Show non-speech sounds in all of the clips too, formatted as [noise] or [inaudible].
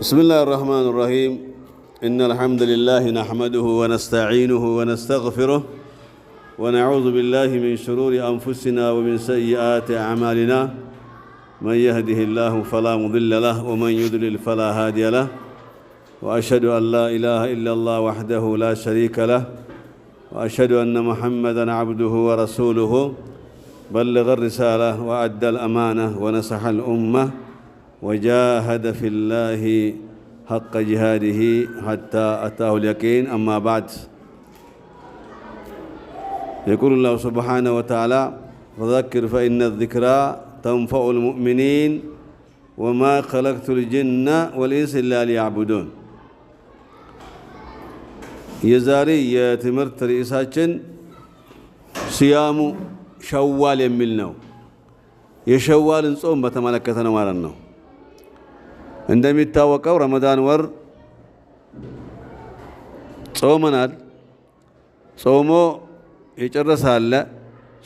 بسم الله الرحمن الرحيم إن الحمد لله نحمده ونستعينه ونستغفره ونعوذ بالله من شرور أنفسنا ومن سيئات أعمالنا من يهده الله فلا مضل له ومن يضلل فلا هادي له وأشهد أن لا إله إلا الله وحده لا شريك له وأشهد أن محمدًا عبده ورسوله بلغ الرسالة وأدى الأمانة ونصح الأمة وجاهد في الله حق جهاده حتى أتاه اليقين أما بعد يقول الله سبحانه وتعالى فذكر فإن الذكرى تنفع المؤمنين وما خلقت الجن والإنس إلا ليعبدون يزاري يتمرت رئيسات ሲያሙ شوال የሚል يشوال የሸዋልን بتملكتنا በተመለከተ እንደሚታወቀው ረመዳን ወር ጾመናል። ጾሞ የጨረሰ አለ፣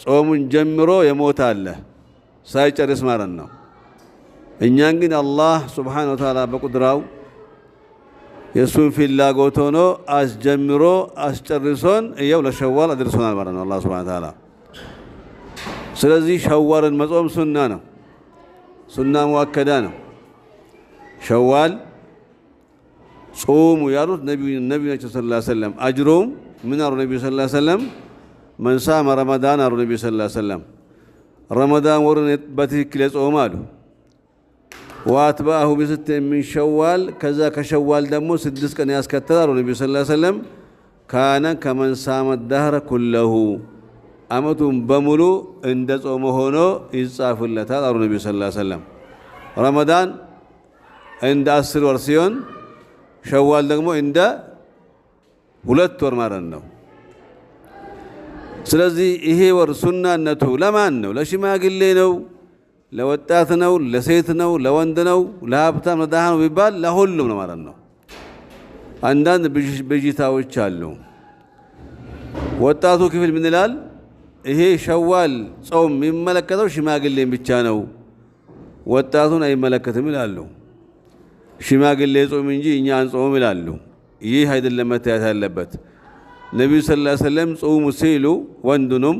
ጾሙን ጀምሮ የሞተ አለ፣ ሳይጨርስ ማለት ነው። እኛን ግን አላህ ሱብሓነሁ ወተዓላ በቁድራው የእሱን ፍላጎት ሆኖ አስጀምሮ አስጨርሶን እየው ለሸዋል አድርሶናል ማለት ነው አላህ ሱብሓነሁ ወተዓላ። ስለዚህ ሸዋልን መጾም ሱና ነው፣ ሱና መዋከዳ ነው። ሸዋል ጾሙ ያሉት ነቢዩ ናቸው ስ ሰለም አጅሮም ምን አሉ ነቢዩ ስ ሰለም መንሳመ ረመዳን አሉ ነቢዩ ስ ሰለም ረመዳን ወርን በትክክል የጾም አሉ። ወአትባአሁ ብስት ሚን ሸዋል ከዛ ከሸዋል ደግሞ ስድስት ቀን ያስከተል አሉ ነቢ ስ ሰለም ካነ ከመንሳመ ዳህረ ኩለሁ አመቱን በሙሉ እንደ ጾመ ሆኖ ይጻፍለታል አሉ ነቢዩ ስ ሰለም ረመዳን እንደ አስር ወር ሲሆን ሸዋል ደግሞ እንደ ሁለት ወር ማለት ነው። ስለዚህ ይሄ ወር ሱናነቱ ለማን ነው? ለሽማግሌ ነው? ለወጣት ነው? ለሴት ነው? ለወንድ ነው? ለሀብታም ለድሃ ነው ቢባል ለሁሉም ነው ማለት ነው። አንዳንድ ብዥታዎች አሉ። ወጣቱ ክፍል ምን ይላል? ይሄ ሸዋል ጾም የሚመለከተው ሽማግሌን ብቻ ነው፣ ወጣቱን አይመለከትም ይላሉ። ሽማግሌ ጾም እንጂ እኛ አንጾም ይላሉ። ይህ አይደለም መታየት ያለበት። ነቢዩ ሰለላሁ ዐለይሂ ወሰለም ጾሙ ሲሉ ወንዱንም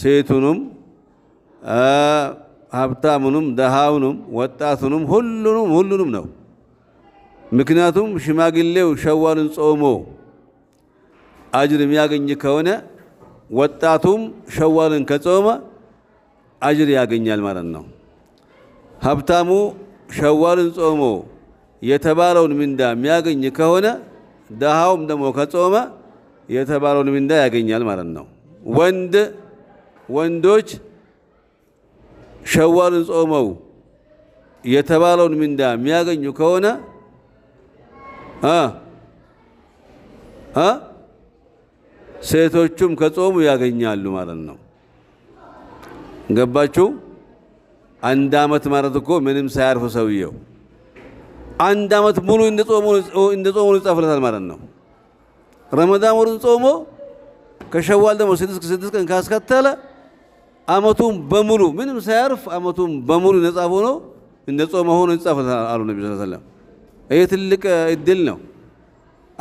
ሴቱንም ሀብታሙንም ደሃውንም ወጣቱንም ሁሉንም ሁሉንም ነው። ምክንያቱም ሽማግሌው ሸዋልን ጾሞ አጅር የሚያገኝ ከሆነ ወጣቱም ሸዋልን ከጾመ አጅር ያገኛል ማለት ነው። ሀብታሙ ሸዋልን ጾሞ የተባለውን ምንዳ የሚያገኝ ከሆነ ደሃውም ደግሞ ከጾመ የተባለውን ምንዳ ያገኛል ማለት ነው። ወንድ ወንዶች ሸዋልን ጾመው የተባለውን ምንዳ የሚያገኙ ከሆነ ሴቶቹም ከጾሙ ያገኛሉ ማለት ነው። ገባችሁ? አንድ ዓመት ማለት እኮ ምንም ሳያርፉ ሰውየው አንድ ዓመት ሙሉ እንደ ጾሙ ይጻፍለታል ማለት ነው። ረመዳን ወሩን ጾሞ ከሸዋል ደግሞ ስድስት ስድስት ቀን ካስከተለ ዓመቱን በሙሉ ምንም ሳያርፍ ዓመቱን በሙሉ ነጻ ሆኖ እንደ ጾመ ሆኖ ይጻፍለታል አሉ ነቢ ሰለም። ይህ ትልቅ እድል ነው።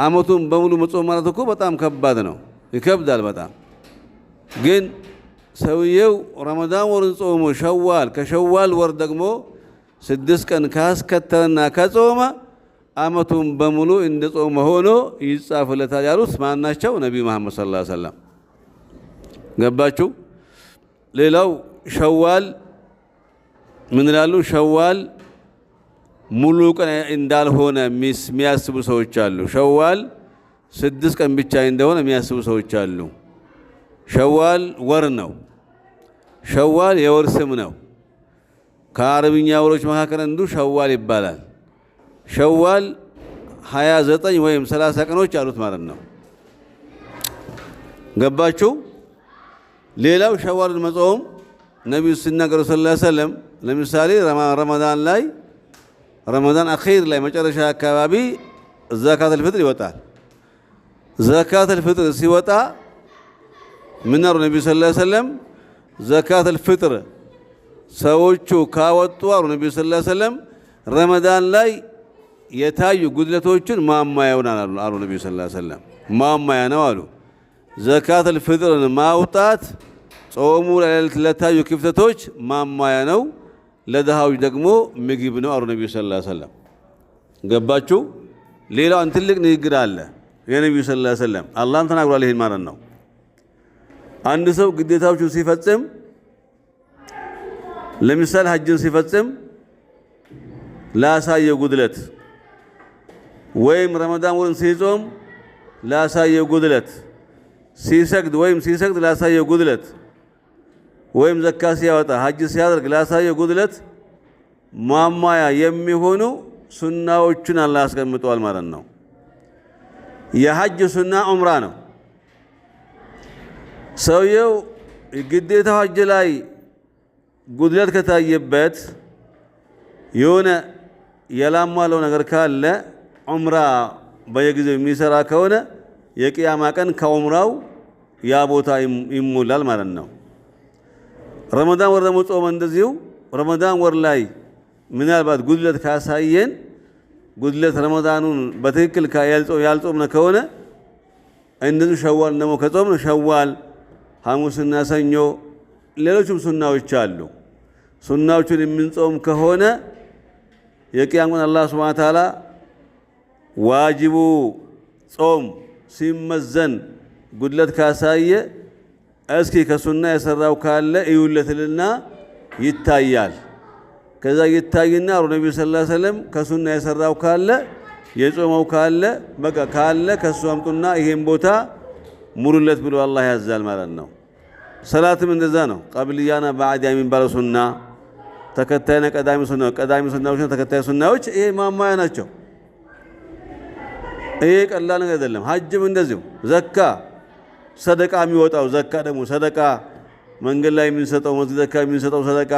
ዓመቱን በሙሉ መጾም ማለት እኮ በጣም ከባድ ነው፣ ይከብዳል በጣም ግን ሰውየው ረመዳን ወርን ጾሞ ሸዋል ከሸዋል ወር ደግሞ ስድስት ቀን ካስከተለና ከጾመ አመቱን በሙሉ እንደ ጾመ ሆኖ ይጻፍለታል ያሉት ማናቸው? ነቢዩ መሐመድ ሰለላሁ ዐለይሂ ወሰለም። ገባችሁ? ሌላው ሸዋል ምን ይላሉ? ሸዋል ሙሉ ቀን እንዳልሆነ የሚያስቡ ሰዎች አሉ። ሸዋል ስድስት ቀን ብቻ እንደሆነ የሚያስቡ ሰዎች አሉ። ሸዋል ወር ነው። ሸዋል የወር ስም ነው። ከአረብኛ ወሮች መካከል አንዱ ሸዋል ይባላል። ሸዋል 29 ወይም 30 ቀኖች አሉት ማለት ነው። ገባችሁ? ሌላው ሸዋልን መጾም ነቢዩ ሲናገሩ ሰለላሁ ዐለይሂ ለምሳሌ ረመዳን ላይ ረመዳን አኺር ላይ መጨረሻ አካባቢ ዘካተል ፍጥር ይወጣል። ዘካተል ፍጥር ሲወጣ ምን አሉ ነቢዩ ሰለላሁ ዐለይሂ ዘካተል ፍጥር ሰዎቹ ካወጡ አሉ ነቢዩ ስላ ሰለም ረመዳን ላይ የታዩ ጉድለቶችን ማማያውናል አሉ ነቢዩ ስላ ሰለም ማማያ ነው አሉ። ዘካት ፊጥርን ማውጣት ጾሙ ለታዩ ክፍተቶች ማማያ ነው፣ ለድሃዎች ደግሞ ምግብ ነው አሉ ነቢዩ ስላ ሰለም። ገባችሁ? ሌላውን ትልቅ ንግግር አለ የነቢዩ ስላ ሰለም አላህም ተናግሯል። ይህን ማለት ነው አንድ ሰው ግዴታዎቹ ሲፈጽም ለምሳሌ ሀጅን ሲፈጽም ላሳየው ጉድለት ወይም ረመዳን ወርን ሲጾም ላሳየው ጉድለት ሲሰግድ ወይም ሲሰግድ ላሳየው ጉድለት ወይም ዘካ ሲያወጣ ሀጅ ሲያደርግ ላሳየው ጉድለት ማማያ የሚሆኑ ሱናዎቹን አላህ አስቀምጠዋል ማለት ነው። የሀጅ ሱና ዑምራ ነው። ሰውየው ግዴታው ሀጅ ላይ ጉድለት ከታየበት የሆነ የላሟለው ነገር ካለ ዑምራ በየጊዜው የሚሰራ ከሆነ የቅያማ ቀን ከዑምራው ያ ቦታ ይሞላል ማለት ነው። ረመዳን ወር ደግሞ ጾመ እንደዚሁ ረመዳን ወር ላይ ምናልባት ጉድለት ካሳየን ጉድለት ረመዳኑን በትክክል ያልጾምነ ከሆነ እንደዚሁ ሸዋል ደግሞ ከጾምነ ሸዋል ሐሙስና ሰኞ ሌሎችም ሱናዎች አሉ። ሱናዎቹን የምንጾም ከሆነ የቅያሙን አላህ ሱብሓነሁ ወተዓላ ዋጅቡ ጾም ሲመዘን ጉድለት ካሳየ እስኪ ከሱና የሰራው ካለ እዩለትልና ይታያል። ከዛ ይታይና አሩ ሰለላሁ ዐለይሂ ወሰለም ከሱና የሰራው ካለ የጾመው ካለ በቃ ካለ ከሱ አምጡና ይሄን ቦታ ሙሉለት ብሎ አላህ ያዛል ማለት ነው። ሰላትም እንደዛ ነው። ቀብልያና ባዕድያ የሚባለው ሱና ተከታይና ቀዳሚ ሱና ቀዳሚ ሱናዎች ተከታይ ሱናዎች ይሄ ማማያ ናቸው። ይሄ ቀላል ነገር አይደለም። ሀጅም እንደዚሁ ዘካ፣ ሰደቃ የሚወጣው ዘካ ደግሞ ሰደቃ መንገድ ላይ የሚንሰጠው መስጊድ ዘካ የሚንሰጠው ሰደቃ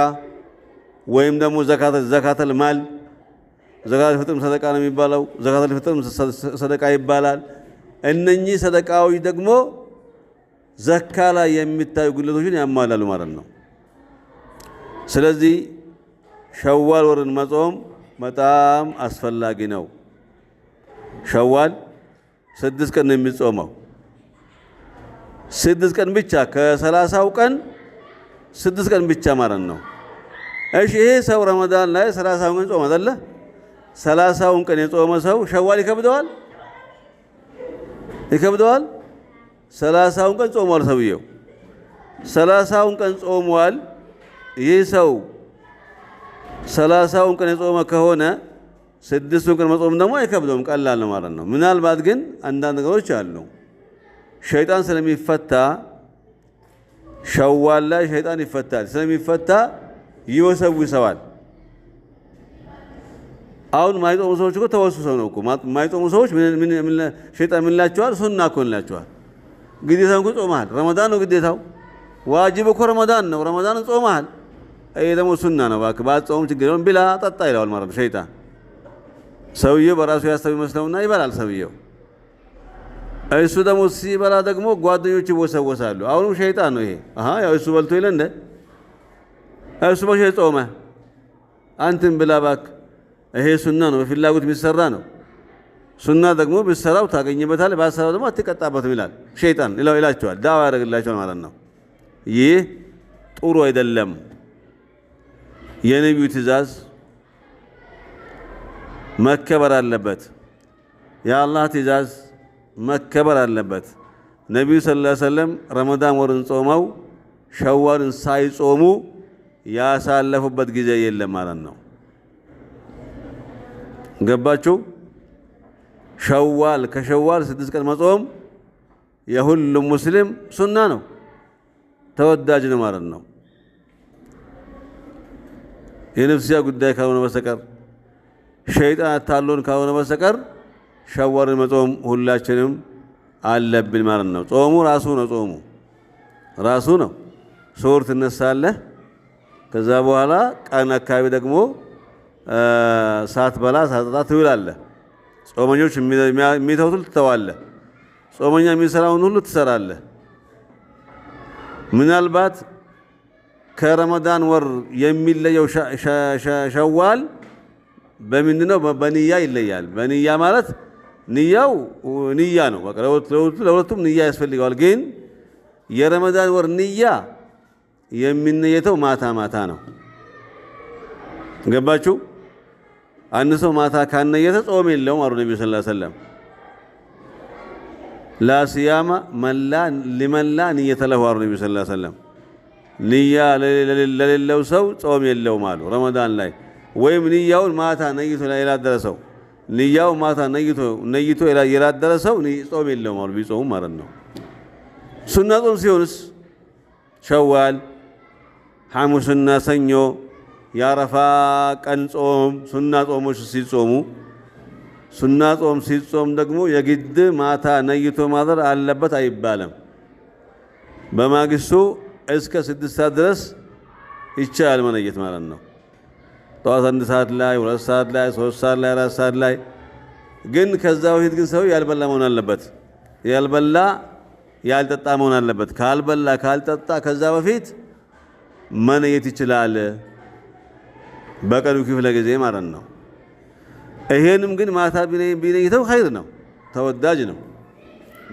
ወይም ደግሞ ዘካተል ማል ዘካተል ፍጥርም ሰደቃ ነው የሚባለው። ዘካተል ፍጥርም ሰደቃ ይባላል። እነኚህ ሰደቃዎች ደግሞ ዘካ ላይ የሚታዩ ጉድለቶችን ያሟላሉ ማለት ነው። ስለዚህ ሸዋል ወርን መጾም በጣም አስፈላጊ ነው። ሸዋል ስድስት ቀን ነው የሚጾመው። ስድስት ቀን ብቻ ከሰላሳው ቀን ስድስት ቀን ብቻ ማለት ነው። እሺ ይሄ ሰው ረመዳን ላይ ሰላሳውን ቀን ጾመ አይደለ? ሰላሳውን ቀን የጾመ ሰው ሸዋል ይከብደዋል ይከብደዋል ሰላሳውን ቀን ጾሟል። ሰውየው ሰላሳውን ቀን ጾሟል። ይህ ሰው ሰላሳውን ቀን የጾመ ከሆነ ስድስቱን ቀን መጾም ደግሞ አይከብደውም፣ ቀላል ነው ማለት ነው። ምናልባት ግን አንዳንድ ነገሮች አሉ። ሸይጣን ስለሚፈታ ሸዋል ላይ ሸይጣን ይፈታል። ስለሚፈታ ይወሰውሰዋል። አሁን ማይጦሙ ሰዎች እኮ ተወሱ ሰው ነው እኮ ማይጦሙ ሰዎች ሸይጣን ምንላቸዋል? ሱና እኮ እንላቸዋል። ግዴታን እኮ ጾመሃል። ረመዳን ነው ግዴታው፣ ዋጅብ እኮ ረመዳን ነው። ረመዳን ጾመሃል። ይሄ ደግሞ ሱና ነው። እባክህ ባትጾም ችግር የለውም፣ ብላ ጠጣ ይለዋል ማለት ነው ሸይጣን። ሰውየው በራሱ ያሰብ ይመስለውና ይበላል ሰውየው። እሱ ደግሞ ሲበላ ደግሞ ጓደኞች ይወሰወሳሉ። አሁንም ሸይጣን ነው ይሄ። አሃ ያው እሱ በልቶ ይለ እንደ እሱ መቼ ጾመ? አንተም ብላ እባክህ። ይሄ ሱና ነው፣ በፍላጎት የሚሰራ ነው። ሱና ደግሞ ብትሰራው ታገኝበታል ባሰራው ደግሞ አትቀጣበትም ይላል ሸይጣን ይላቸዋል፣ ዳዋ ያደርግላቸዋል ማለት ነው። ይህ ጥሩ አይደለም። የነቢዩ ትእዛዝ መከበር አለበት። የአላህ ትእዛዝ መከበር አለበት። ነቢዩ ሰለላሁ ዐለይሂ ወሰለም ረመዳን ወርን ጾመው ሸዋልን ሳይጾሙ ያሳለፉበት ጊዜ የለም ማለት ነው። ገባችሁ? ሸዋል ከሸዋል ስድስት ቀን መጾም የሁሉም ሙስሊም ሱና ነው፣ ተወዳጅ ነው ማለት ነው። የነፍስያ ጉዳይ ካልሆነ በስተቀር ሸይጣን አታሎን ካልሆነ በስተቀር ሸዋልን መጾም ሁላችንም አለብን ማለት ነው። ጾሙ ራሱ ነው፣ ጾሙ ራሱ ነው። ሱር ትነሳለህ። ከዛ በኋላ ቀን አካባቢ ደግሞ ሳትበላ ሳትጠጣ ትውላለህ። ጾመኞች የሚተውትን ትተዋለህ። ጾመኛ የሚሰራውን ሁሉ ትሰራለህ። ምናልባት ከረመዳን ወር የሚለየው ሸዋል በምንድነው ነው? በንያ ይለያል። በንያ ማለት ንያው ንያ ነው። ለሁለቱም ንያ ያስፈልገዋል። ግን የረመዳን ወር ንያ የሚነየተው ማታ ማታ ነው። ገባችሁ? አንድ ሰው ማታ ካነየተ ጾም የለውም አሉ ነቢዩ ስ ሰለም። ላስያማ ሊመላ ንየተ ለሁ አሉ ነቢዩ ስ ሰለም። ንያ ለሌለው ሰው ጾም የለውም አሉ ረመዳን ላይ ወይም ንያውን ማታ ነይቶ የላደረ ሰው ንያው ማታ ነይቶ የላደረ ሰው ጾም የለውም አሉ ቢጾሙም ማለት ነው። ሱና ጾም ሲሆንስ ሸዋል፣ ሐሙስና ሰኞ የአረፋ ቀን ጾም ሱና ጾሞች ሲጾሙ ሱና ጾም ሲጾም ደግሞ የግድ ማታ ነይቶ ማደር አለበት አይባልም። በማግስቱ እስከ ስድስት ሰዓት ድረስ ይቻላል መነየት ማለት ነው። ጠዋት አንድ ሰዓት ላይ፣ ሁለት ሰዓት ላይ፣ ሶስት ሰዓት ላይ፣ አራት ሰዓት ላይ ግን ከዛ በፊት ግን ሰው ያልበላ መሆን አለበት። ያልበላ ያልጠጣ መሆን አለበት። ካልበላ ካልጠጣ ከዛ በፊት መነየት ይችላል። በቀዱ ክፍለ ጊዜ ማለት ነው። ይሄንም ግን ማታ ቢነይተው ኸይር ነው፣ ተወዳጅ ነው።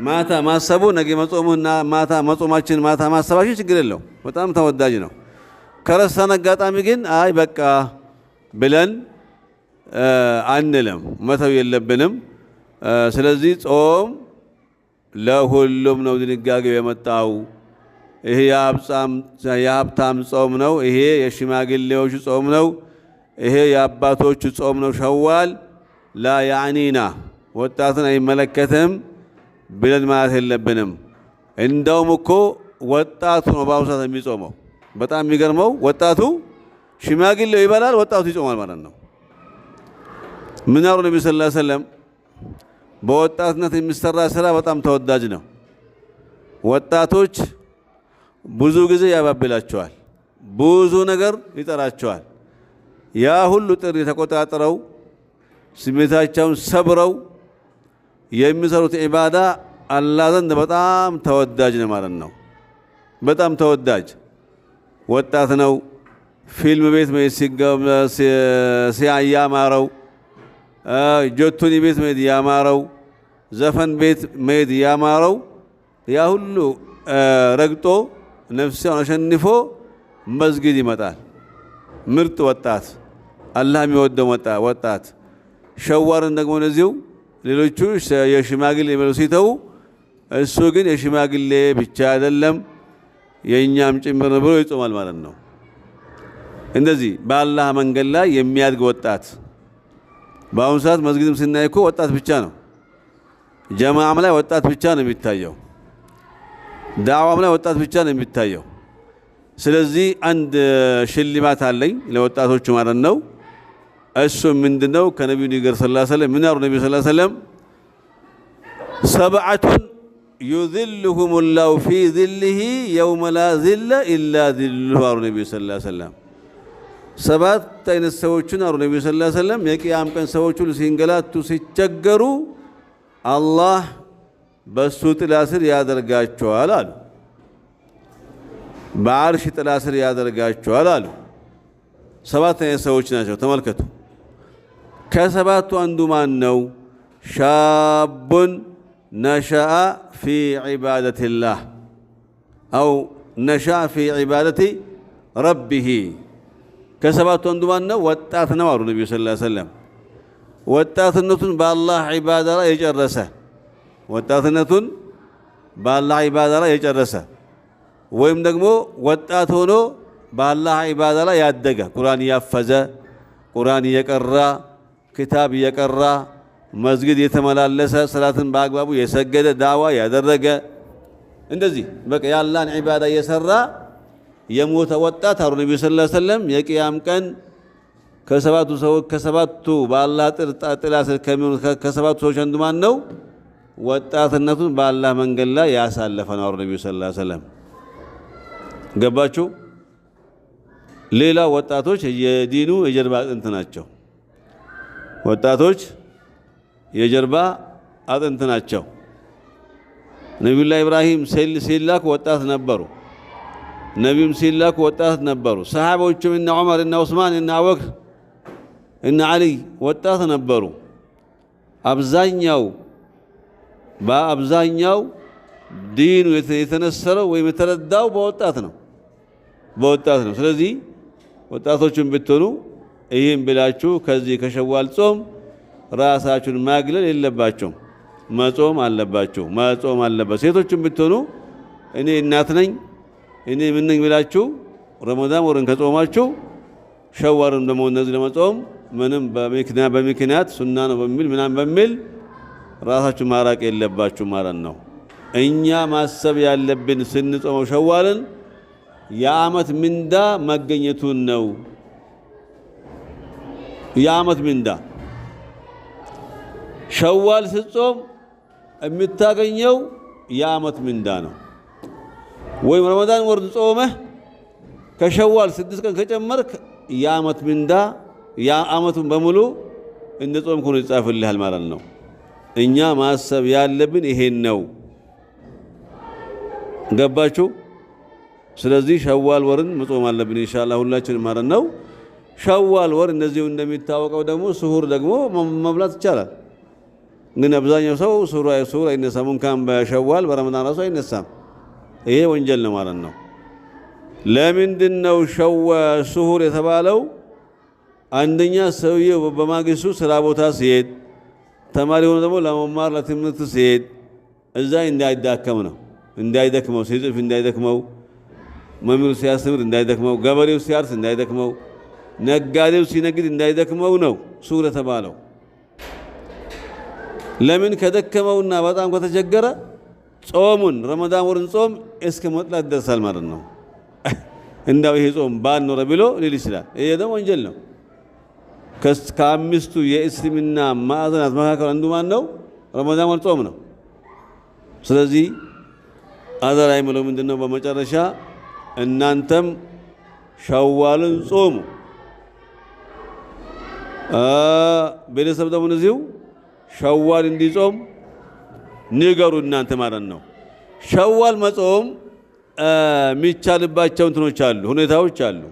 ማታ ማሰቡ ነገ መጾሙና ማታ መጾማችን ማታ ማሰባችን ችግር የለው፣ በጣም ተወዳጅ ነው። ከረሳን አጋጣሚ ግን አይ በቃ ብለን አንለም፣ መተው የለብንም። ስለዚህ ጾም ለሁሉም ነው ድንጋጌው የመጣው። ይሄ የሀብታም ጾም ነው። ይሄ የሽማግሌዎች ጾም ነው። ይሄ የአባቶቹ ጾም ነው ሸዋል ላ ያዕኒና ወጣቱን አይመለከትም ብለን ማለት የለብንም። እንደውም እኮ ወጣቱ ነው በአሁኑ ሰዓት የሚጾመው። በጣም የሚገርመው ወጣቱ ሽማግሌው ይበላል፣ ወጣቱ ይጾማል ማለት ነው። ምን አሉ ነቢ ስላ ሰለም፣ በወጣትነት የሚሰራ ስራ በጣም ተወዳጅ ነው። ወጣቶች ብዙ ጊዜ ያባብላቸዋል፣ ብዙ ነገር ይጠራቸዋል። ያ ሁሉ ጥሪ ተቆጣጥረው ስሜታቸውን ሰብረው የሚሰሩት ዒባዳ አላህ ዘንድ በጣም ተወዳጅ ነው ማለት ነው። በጣም ተወዳጅ ወጣት ነው። ፊልም ቤት መሄድ ሲያይ ያማረው፣ ጆቶኒ ቤት መሄድ ያማረው፣ ዘፈን ቤት መሄድ ያማረው ያ ሁሉ ረግጦ ነፍሲያውን አሸንፎ መስጊድ ይመጣል። ምርጥ ወጣት አላህ የሚወደው ወጣት ሸዋርን ደግሞ እነዚሁ ሌሎቹ የሽማግሌ ብለው ሲተዉ እሱ ግን የሽማግሌ ብቻ አይደለም የእኛም ጭምር ብሎ ይጾማል ማለት ነው። እንደዚህ በአላህ መንገድ ላይ የሚያድግ ወጣት በአሁኑ ሰዓት መስጊድም ስናይ እኮ ወጣት ብቻ ነው። ጀማም ላይ ወጣት ብቻ ነው የሚታየው። ዳዕዋም ላይ ወጣት ብቻ ነው የሚታየው። ስለዚህ አንድ ሽልማት አለኝ ለወጣቶቹ ማለት ነው። እሱ ምንድነው? ከነቢዩ ንገር ስ ሰለም ምን ያሉ ነቢ ስ ሰለም ሰብዓቱን ዩዝልሁም ላሁ ፊ ዝልህ የውመ ላ ዝለ ኢላ ዝልሁ አሉ ነቢ ስ ሰለም። ሰባት አይነት ሰዎችን አሉ ነቢ ስ ሰለም የቅያም ቀን ሰዎች ሁሉ ሲንገላቱ ሲቸገሩ አላህ በሱ ጥላ ስር ያደርጋቸዋል አሉ። በአርሽ ጥላ ስር ያደርጋቸዋል አሉ። ሰባት አይነት ሰዎች ናቸው። ተመልከቱ። ከሰባቱ አንዱ ማን ነው? ሻቡን ነሻአ ፊ ዒባደቲላህ አው ነሸአ ፊ ዒባደቲ ረቢሂ። ከሰባቱ አንዱ ማን ነው? ወጣት ነው አሉ ነቢዩ ሰለላሁ ዐለይሂ ወጣትነቱን በአላህ ዒባዳ ላይ የጨረሰ ወጣትነቱን በአላህ ዒባዳ ላይ የጨረሰ ወይም ደግሞ ወጣት ሆኖ በአላህ ዒባዳ ላይ ያደገ ቁርአን እያፈዘ ቁርአን እየቀራ ክታብ የቀራ መስጊድ የተመላለሰ ሰላትን በአግባቡ የሰገደ ዳዋ ያደረገ እንደዚህ በቃ የአላህን ዒባዳ የሰራ የሞተ ወጣት አሉ ነቢዩ ሰለላሁ ዐለይሂ የቅያም ቀን ከሰባቱ ሰዎች ከሰባቱ በአላህ ጥላ ስር ከሚሆኑ ከሰባቱ ሰዎች አንዱ ማን ነው? ወጣትነቱን በአላህ መንገድ ላይ ያሳለፈ ነው አሉ ነቢዩ ሰለላሁ ዐለይሂ ገባችሁ? ሌላ ወጣቶች የዲኑ የጀርባ አጥንት ናቸው። ወጣቶች የጀርባ አጥንት ናቸው። ነቢዩላህ ኢብራሂም ሲላክ ወጣት ነበሩ። ነቢዩም ሲላኩ ወጣት ነበሩ። ሰሓቦቹም እነ ዑመር፣ እነ ዑስማን፣ እነ አቡበክር፣ እነ ዓሊይ ወጣት ነበሩ። አብዛኛው በአብዛኛው ዲኑ የተነሰረው ወይም የተረዳው በወጣት ነው በወጣት ነው። ስለዚህ ወጣቶቹን ብትሆኑ ይህም ብላችሁ ከዚህ ከሸዋል ጾም ራሳችሁን ማግለል የለባችሁም። መጾም አለባችሁ፣ መጾም አለባ ሴቶችን ብትሆኑ እኔ እናት ነኝ እኔ ምን ነኝ ብላችሁ ረመዳን ወርን ከጾማችሁ ሸዋርን ደሞ እነዚህ ለመጾም ምንም በምክንያት ሱና ነው በሚል ምናም በሚል ራሳችሁ ማራቅ የለባችሁ ማለት ነው። እኛ ማሰብ ያለብን ስንጾመው ሸዋልን የአመት ምንዳ መገኘቱን ነው። የዓመት ምንዳ ሸዋል ስጾም የምታገኘው የዓመት ምንዳ ነው። ወይም ረመዳን ወርድ ጾመ ከሸዋል ስድስት ቀን ከጨመርክ የዓመት ምንዳ የዓመቱን በሙሉ እንደ ጾም ከሆነ ይጻፍልሃል ማለት ነው። እኛ ማሰብ ያለብን ይሄን ነው። ገባችሁ? ስለዚህ ሸዋል ወርን መጾም አለብን ኢንሻአላህ ሁላችንም ማለት ነው። ሸዋል ወር እንደዚሁ እንደሚታወቀው ደግሞ ስሁር ደግሞ መብላት ይቻላል። ግን አብዛኛው ሰው ስሁር ስሁር አይነሳም። እንኳን በሸዋል በረመዳን ራሱ አይነሳም። ይሄ ወንጀል ነው ማለት ነው። ለምንድን ነው ሸዋ ስሁር የተባለው? አንደኛ ሰውየው በማግስቱ ስራ ቦታ ሲሄድ፣ ተማሪ ሆኖ ደግሞ ለመማር ለትምህርት ሲሄድ እዛ እንዳይዳከም ነው እንዳይደክመው፣ ሲጽፍ እንዳይደክመው፣ መምህሩ ሲያስተምር እንዳይደክመው፣ ገበሬው ሲያርስ እንዳይደክመው ነጋዴው ሲነግድ እንዳይደክመው ነው ሱቅ የተባለው። ለምን ከደከመውና በጣም ከተቸገረ ጾሙን ረመዳን ወርን ጾም እስከ መጥላት ይደርሳል ማለት ነው። [laughs] እንዳው ይሄ ጾም ባልኖረ ብሎ ሊል ይችላል። ይሄ ደግሞ ወንጀል ነው። ከአምስቱ የእስልምና ማዕዘናት መካከል አንዱ ማን ነው? ረመዳን ወር ጾም ነው። ስለዚህ አደራ የምለው ምንድን ነው? በመጨረሻ እናንተም ሸዋልን ጾሙ። ቤተሰብ ደግሞ እዚሁ ሸዋል እንዲጾም ንገሩ እናንተ ማለት ነው። ሸዋል መጾም የሚቻልባቸው እንትኖች አሉ፣ ሁኔታዎች አሉ።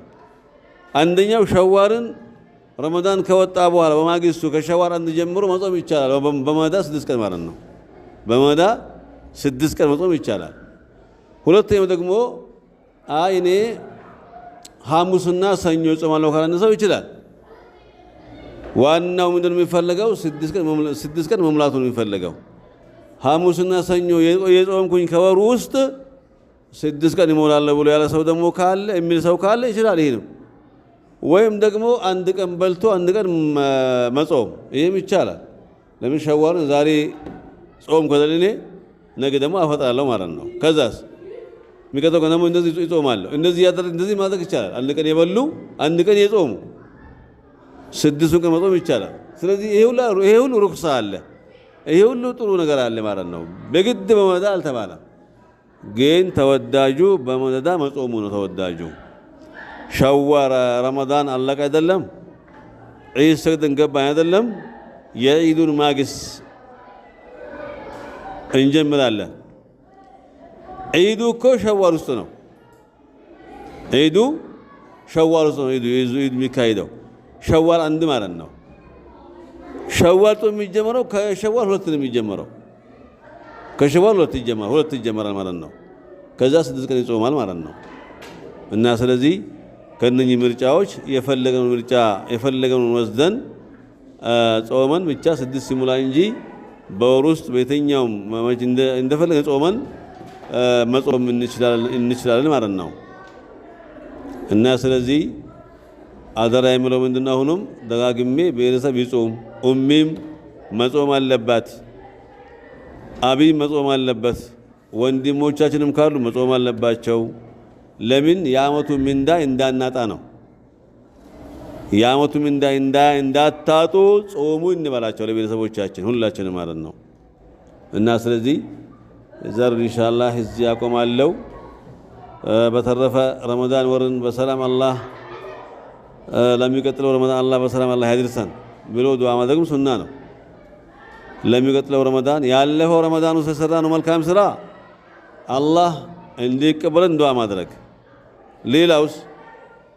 አንደኛው ሸዋልን ረመዳን ከወጣ በኋላ በማግስቱ ከሸዋል አንድ ጀምሮ መጾም ይቻላል። በመዳ ስድስት ቀን ማለት ነው። በመዳ ስድስት ቀን መጾም ይቻላል። ሁለተኛው ደግሞ አይ እኔ ሐሙስና ሰኞ እጾማለሁ ካለ ይችላል። ዋናው ምንድን የሚፈለገው ስድስት ቀን መሙላቱ ነው የሚፈለገው። ሐሙስና ሰኞ የጾምኩኝ ከወሩ ውስጥ ስድስት ቀን ይሞላለሁ ብሎ ያለ ሰው ደግሞ ካለ የሚል ሰው ካለ ይችላል። ይሄ ነው። ወይም ደግሞ አንድ ቀን በልቶ አንድ ቀን መጾም ይህም ይቻላል። ለምን ሸዋልን ዛሬ ጾም ከዘለኔ ነገ ደግሞ አፈጥራለሁ ማለት ነው። ከዛስ የሚቀጥለው ደግሞ እንደዚህ ይጾማለሁ። እንደዚህ ማድረግ ይቻላል። አንድ ቀን የበሉ አንድ ቀን የጾሙ ስድስቱን ቀን መጾም ይቻላል። ስለዚህ ይሄ ሁሉ ሩክሳ አለ፣ ይሄ ሁሉ ጥሩ ነገር አለ ማለት ነው። በግድ በመዳ አልተባለም፣ ግን ተወዳጁ በመዳ መጾሙ ነው። ተወዳጁ ሸዋረ ረመዳን አለቀ አይደለም፣ ዒድ ሰግደን ገባን አይደለም። የዒዱን ማግስት እንጀምራለን። ዒዱ እኮ ሸዋል ውስጥ ነው። ዒዱ ሸዋል ውስጥ ነው ዒዱ የሚካሄደው ሸዋል አንድ ማለት ነው። ሸዋል ጾም የሚጀመረው ከሸዋል ሁለት ነው የሚጀመረው ከሸዋል ሁለት ይጀመራል ሁለት ይጀመራል ማለት ነው። ከዛ ስድስት ቀን ይጾማል ማለት ነው። እና ስለዚህ ከነኚህ ምርጫዎች የፈለገውን ምርጫ የፈለገውን ወስደን ጾመን ብቻ ስድስት ሲሙላ እንጂ በወር ውስጥ በየትኛውም እንደፈለገን ጾመን መጾም እንችላለን ማለት ነው እና ስለዚህ አደራ የምለው ምንድን ነው? አሁኑም ደጋግሜ ብሔረሰብ ይጾም። ኡሚም መጾም አለባት። አብይ መጾም አለበት። ወንድሞቻችንም ካሉ መጾም አለባቸው። ለምን የአመቱ ምንዳ እንዳናጣ ነው። የአመቱ ምንዳ እንዳታጡ ጾሙ እንበላቸው ለቤተሰቦቻችን ሁላችንም ማለት ነው። እና ስለዚህ ዘር ኢንሻአላህ እዚህ ያቆማለው። በተረፈ ረመዳን ወርን በሰላም አላህ ለሚቀጥለው ረመዳን አላህ በሰላም አላህ ያድርሰን ብሎ ዱዓ ማድረግም ሱና ነው። ለሚቀጥለው ረመዳን ያለፈው ረመዳን ውስጥ የሰራ ነው መልካም ስራ አላህ እንዲቀበለን ዱዓ ማድረግ። ሌላውስ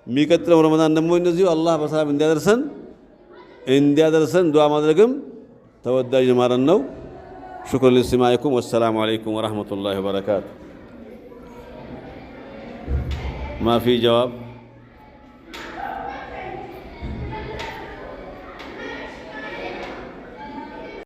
የሚቀጥለው ረመዳን ደግሞ እንደዚሁ አላህ በሰላም እንዲያደርሰን እንዲያደርሰን ዱዓ ማድረግም ተወዳጅ ማረን ነው። ሽኩር ሊስማዕኩም ወሰላሙ አለይኩም ወረሕመቱላሂ ወበረካቱ። ማፊ ጀዋብ